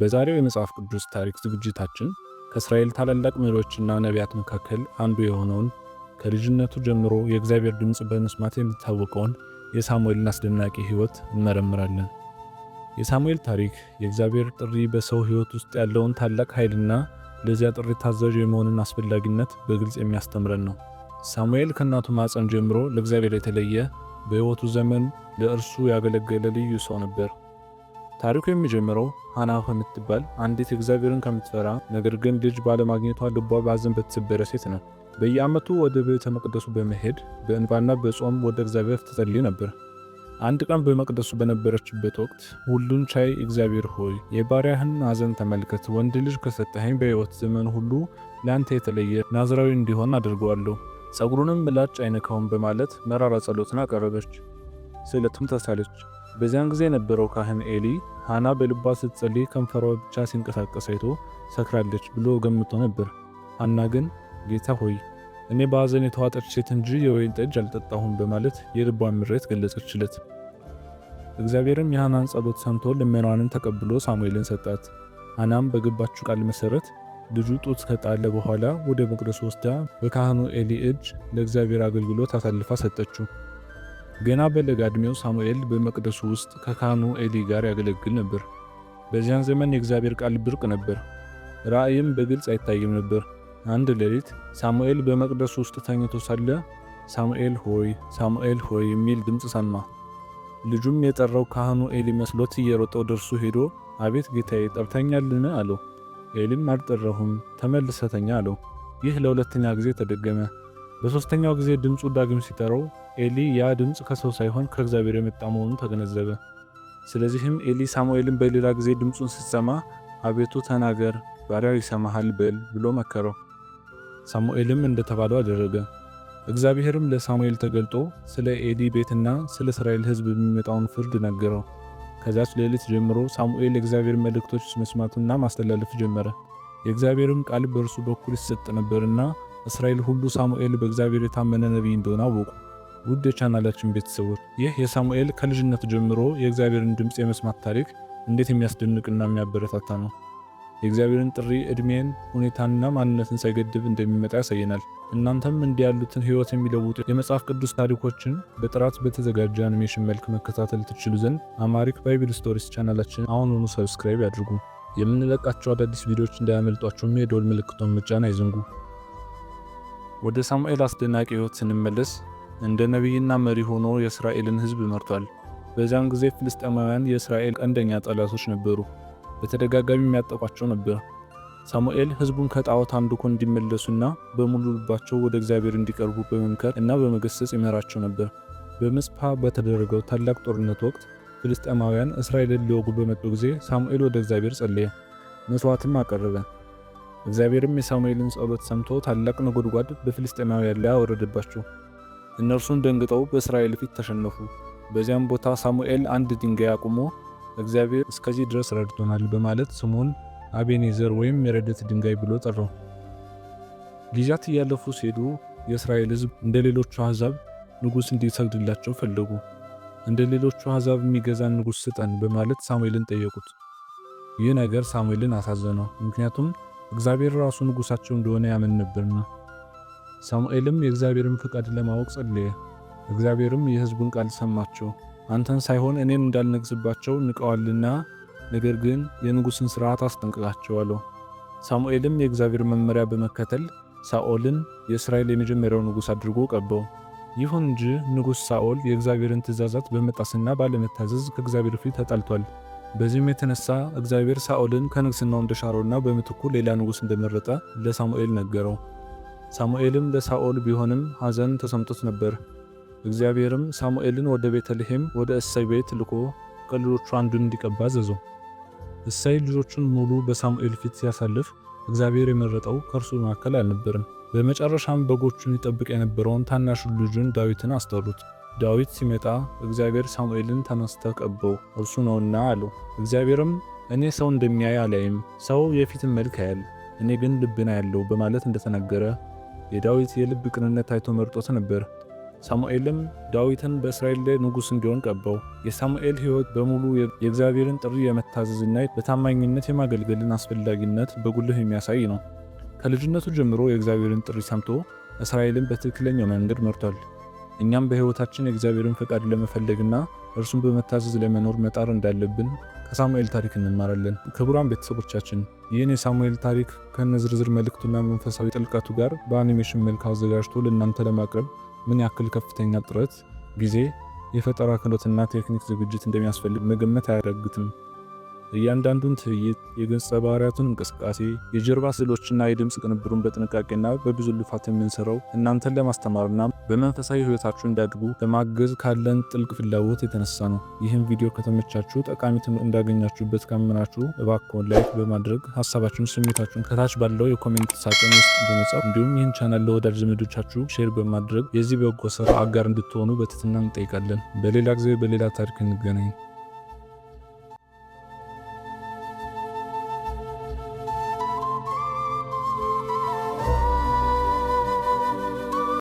በዛሬው የመጽሐፍ ቅዱስ ታሪክ ዝግጅታችን ከእስራኤል ታላላቅ መሪዎችና ነቢያት መካከል አንዱ የሆነውን ከልጅነቱ ጀምሮ የእግዚአብሔር ድምፅ በመስማት የሚታወቀውን የሳሙኤልን አስደናቂ ሕይወት እንመረምራለን። የሳሙኤል ታሪክ የእግዚአብሔር ጥሪ በሰው ሕይወት ውስጥ ያለውን ታላቅ ኃይልና ለዚያ ጥሪ ታዛዥ የመሆንን አስፈላጊነት በግልጽ የሚያስተምረን ነው። ሳሙኤል ከእናቱ ማፀን ጀምሮ ለእግዚአብሔር የተለየ በሕይወቱ ዘመን ለእርሱ ያገለገለ ልዩ ሰው ነበር። ታሪኩ የሚጀምረው ሃና ከምትባል አንዲት እግዚአብሔርን ከምትፈራ ነገር ግን ልጅ ባለማግኘቷ ልቧ በሐዘን በተሰበረ ሴት ነው። በየዓመቱ ወደ ቤተ መቅደሱ በመሄድ በእንባና በጾም ወደ እግዚአብሔር ትጸልይ ነበር። አንድ ቀን በመቅደሱ በነበረችበት ወቅት ሁሉን ቻይ እግዚአብሔር ሆይ የባሪያህን ሐዘን ተመልከት፣ ወንድ ልጅ ከሰጠኸኝ በሕይወት ዘመን ሁሉ ለአንተ የተለየ ናዝራዊ እንዲሆን አድርገዋለሁ፣ ጸጉሩንም ምላጭ አይነካውም በማለት መራራ ጸሎትን አቀረበች። ስዕለቱም ተሳለች። በዚያን ጊዜ የነበረው ካህን ኤሊ ሃና በልቧ ስትጸልይ ከንፈሯ ብቻ ሲንቀሳቀስ አይቶ ሰክራለች ብሎ ገምቶ ነበር። ሃና ግን ጌታ ሆይ እኔ በሐዘን የተዋጠች ሴት እንጂ የወይን ጠጅ አልጠጣሁም በማለት የልቧን ምሬት ገለጸችለት። እግዚአብሔርም የሃናን ጸሎት ሰምቶ ልመናዋንን ተቀብሎ ሳሙኤልን ሰጣት። ሃናም በገባችው ቃል መሰረት ልጁ ጡት ከጣለ በኋላ ወደ መቅደስ ወስዳ በካህኑ ኤሊ እጅ ለእግዚአብሔር አገልግሎት አሳልፋ ሰጠችው። ገና በለጋ ዕድሜው ሳሙኤል በመቅደሱ ውስጥ ከካህኑ ኤሊ ጋር ያገለግል ነበር። በዚያን ዘመን የእግዚአብሔር ቃል ብርቅ ነበር፣ ራእይም በግልጽ አይታይም ነበር። አንድ ሌሊት ሳሙኤል በመቅደሱ ውስጥ ተኝቶ ሳለ ሳሙኤል ሆይ ሳሙኤል ሆይ የሚል ድምፅ ሰማ። ልጁም የጠራው ካህኑ ኤሊ መስሎት እየሮጠ ወደ እርሱ ሄዶ አቤት ጌታዬ ጠርተኛልን? አለው። ኤሊም አልጠራሁም፣ ተመልሰተኛ አለው። ይህ ለሁለተኛ ጊዜ ተደገመ። በሦስተኛው ጊዜ ድምፁ ዳግም ሲጠራው ኤሊ ያ ድምፅ ከሰው ሳይሆን ከእግዚአብሔር የመጣ መሆኑን ተገነዘበ። ስለዚህም ኤሊ ሳሙኤልን በሌላ ጊዜ ድምፁን ስትሰማ አቤቱ ተናገር፣ ባሪያው ይሰማሃል በል ብሎ መከረው። ሳሙኤልም እንደተባለው አደረገ። እግዚአብሔርም ለሳሙኤል ተገልጦ ስለ ኤሊ ቤትና ስለ እስራኤል ሕዝብ የሚመጣውን ፍርድ ነገረው። ከዛች ሌሊት ጀምሮ ሳሙኤል የእግዚአብሔር መልእክቶች መስማቱና ማስተላለፍ ጀመረ። የእግዚአብሔርም ቃል በእርሱ በኩል ይሰጥ ነበርና እስራኤል ሁሉ ሳሙኤል በእግዚአብሔር የታመነ ነቢይ እንደሆነ አወቁ። ውድ የቻናላችን ቤተሰቦች ይህ የሳሙኤል ከልጅነት ጀምሮ የእግዚአብሔርን ድምፅ የመስማት ታሪክ እንዴት የሚያስደንቅና የሚያበረታታ ነው! የእግዚአብሔርን ጥሪ ዕድሜን፣ ሁኔታና ማንነትን ሳይገድብ እንደሚመጣ ያሳየናል። እናንተም እንዲህ ያሉትን ህይወት የሚለውጡ የመጽሐፍ ቅዱስ ታሪኮችን በጥራት በተዘጋጀ አኒሜሽን መልክ መከታተል ትችሉ ዘንድ አማሪክ ባይብል ስቶሪስ ቻናላችን አሁኑኑ ሰብስክራይብ ያድርጉ። የምንለቃቸው አዳዲስ ቪዲዮዎች እንዳያመልጧቸውም የደወል ምልክቶን መጫን አይዘንጉ። ወደ ሳሙኤል አስደናቂ ህይወት ስንመለስ እንደ ነቢይና መሪ ሆኖ የእስራኤልን ሕዝብ መርቷል። በዚያን ጊዜ ፍልስጤማውያን የእስራኤል ቀንደኛ ጠላቶች ነበሩ። በተደጋጋሚ የሚያጠቋቸው ነበር። ሳሙኤል ሕዝቡን ከጣዖት አምልኮ እንዲመለሱና በሙሉ ልባቸው ወደ እግዚአብሔር እንዲቀርቡ በመምከር እና በመገሰጽ ይመራቸው ነበር። በምጽፓ በተደረገው ታላቅ ጦርነት ወቅት ፍልስጤማውያን እስራኤልን ሊወጉ በመጡ ጊዜ ሳሙኤል ወደ እግዚአብሔር ጸለየ፣ መሥዋዕትም አቀረበ። እግዚአብሔርም የሳሙኤልን ጸሎት ሰምቶ ታላቅ ነጎድጓድ በፍልስጤማውያን ላይ አወረደባቸው። እነርሱን ደንግጠው በእስራኤል ፊት ተሸነፉ። በዚያም ቦታ ሳሙኤል አንድ ድንጋይ አቁሞ እግዚአብሔር እስከዚህ ድረስ ረድቶናል በማለት ስሙን አቤኔዘር ወይም የረደት ድንጋይ ብሎ ጠራው። ጊዜያት እያለፉ ሲሄዱ የእስራኤል ሕዝብ እንደ ሌሎቹ አሕዛብ ንጉሥ እንዲሰግድላቸው ፈለጉ። እንደ ሌሎቹ አሕዛብ የሚገዛን ንጉሥ ስጠን በማለት ሳሙኤልን ጠየቁት። ይህ ነገር ሳሙኤልን አሳዘነው፣ ምክንያቱም እግዚአብሔር ራሱ ንጉሳቸው እንደሆነ ያምን ነበርና። ሳሙኤልም የእግዚአብሔርን ፍቃድ ለማወቅ ጸለየ። እግዚአብሔርም የሕዝቡን ቃል ሰማቸው። አንተን ሳይሆን እኔን እንዳልነግስባቸው ንቀዋልና፣ ነገር ግን የንጉሥን ሥርዓት አስጠንቅቃቸው አለው። ሳሙኤልም የእግዚአብሔር መመሪያ በመከተል ሳኦልን የእስራኤል የመጀመሪያው ንጉሥ አድርጎ ቀባው። ይሁን እንጂ ንጉሥ ሳኦል የእግዚአብሔርን ትእዛዛት በመጣስና ባለመታዘዝ ከእግዚአብሔር ፊት ተጣልቷል። በዚህም የተነሳ እግዚአብሔር ሳኦልን ከንግሥናው እንደሻረውና በምትኩ ሌላ ንጉሥ እንደመረጠ ለሳሙኤል ነገረው። ሳሙኤልም ለሳኦል ቢሆንም ሐዘን ተሰምቶት ነበር። እግዚአብሔርም ሳሙኤልን ወደ ቤተልሔም ወደ እሰይ ቤት ልኮ ከልጆቹ አንዱን እንዲቀባ አዘዘው። እሰይ ልጆቹን ሙሉ በሳሙኤል ፊት ሲያሳልፍ እግዚአብሔር የመረጠው ከእርሱ መካከል አልነበርም። በመጨረሻም በጎቹን ይጠብቅ የነበረውን ታናሹ ልጁን ዳዊትን አስጠሩት። ዳዊት ሲመጣ እግዚአብሔር ሳሙኤልን ተነስተ ቀበው እርሱ ነውና አለው። እግዚአብሔርም እኔ ሰው እንደሚያይ አላይም፣ ሰው የፊትን መልክ አያል፣ እኔ ግን ልብን አያለው በማለት እንደተናገረ የዳዊት የልብ ቅንነት ታይቶ መርጦት ነበር። ሳሙኤልም ዳዊትን በእስራኤል ላይ ንጉሥ እንዲሆን ቀባው። የሳሙኤል ሕይወት በሙሉ የእግዚአብሔርን ጥሪ የመታዘዝና በታማኝነት የማገልገልን አስፈላጊነት በጉልህ የሚያሳይ ነው። ከልጅነቱ ጀምሮ የእግዚአብሔርን ጥሪ ሰምቶ እስራኤልን በትክክለኛው መንገድ መርቷል። እኛም በሕይወታችን የእግዚአብሔርን ፈቃድ ለመፈለግና እርሱን በመታዘዝ ለመኖር መጣር እንዳለብን ከሳሙኤል ታሪክ እንማራለን። ክቡራን ቤተሰቦቻችን ይህን የሳሙኤል ታሪክ ከነ ዝርዝር መልእክቱና መንፈሳዊ ጥልቀቱ ጋር በአኒሜሽን መልክ አዘጋጅቶ ለእናንተ ለማቅረብ ምን ያክል ከፍተኛ ጥረት፣ ጊዜ፣ የፈጠራ ክህሎትና ቴክኒክ ዝግጅት እንደሚያስፈልግ መገመት አያዳግትም። እያንዳንዱን ትዕይንት፣ የገጸ ባህሪያቱን እንቅስቃሴ፣ የጀርባ ስዕሎችና የድምፅ ቅንብሩን በጥንቃቄና በብዙ ልፋት የምንሰራው እናንተን ለማስተማርና በመንፈሳዊ ህይወታችሁ እንዲያድጉ ለማገዝ ካለን ጥልቅ ፍላጎት የተነሳ ነው። ይህም ቪዲዮ ከተመቻችሁ፣ ጠቃሚ ትምህርት እንዳገኛችሁበት ካመናችሁ እባክዎን ላይክ በማድረግ ሀሳባችሁን፣ ስሜታችሁን ከታች ባለው የኮሜንት ሳጥን ውስጥ በመጻፍ እንዲሁም ይህን ቻናል ለወዳጅ ዘመዶቻችሁ ሼር በማድረግ የዚህ በጎ ስራ አጋር እንድትሆኑ በትህትና እንጠይቃለን። በሌላ ጊዜ በሌላ ታሪክ እንገናኝ።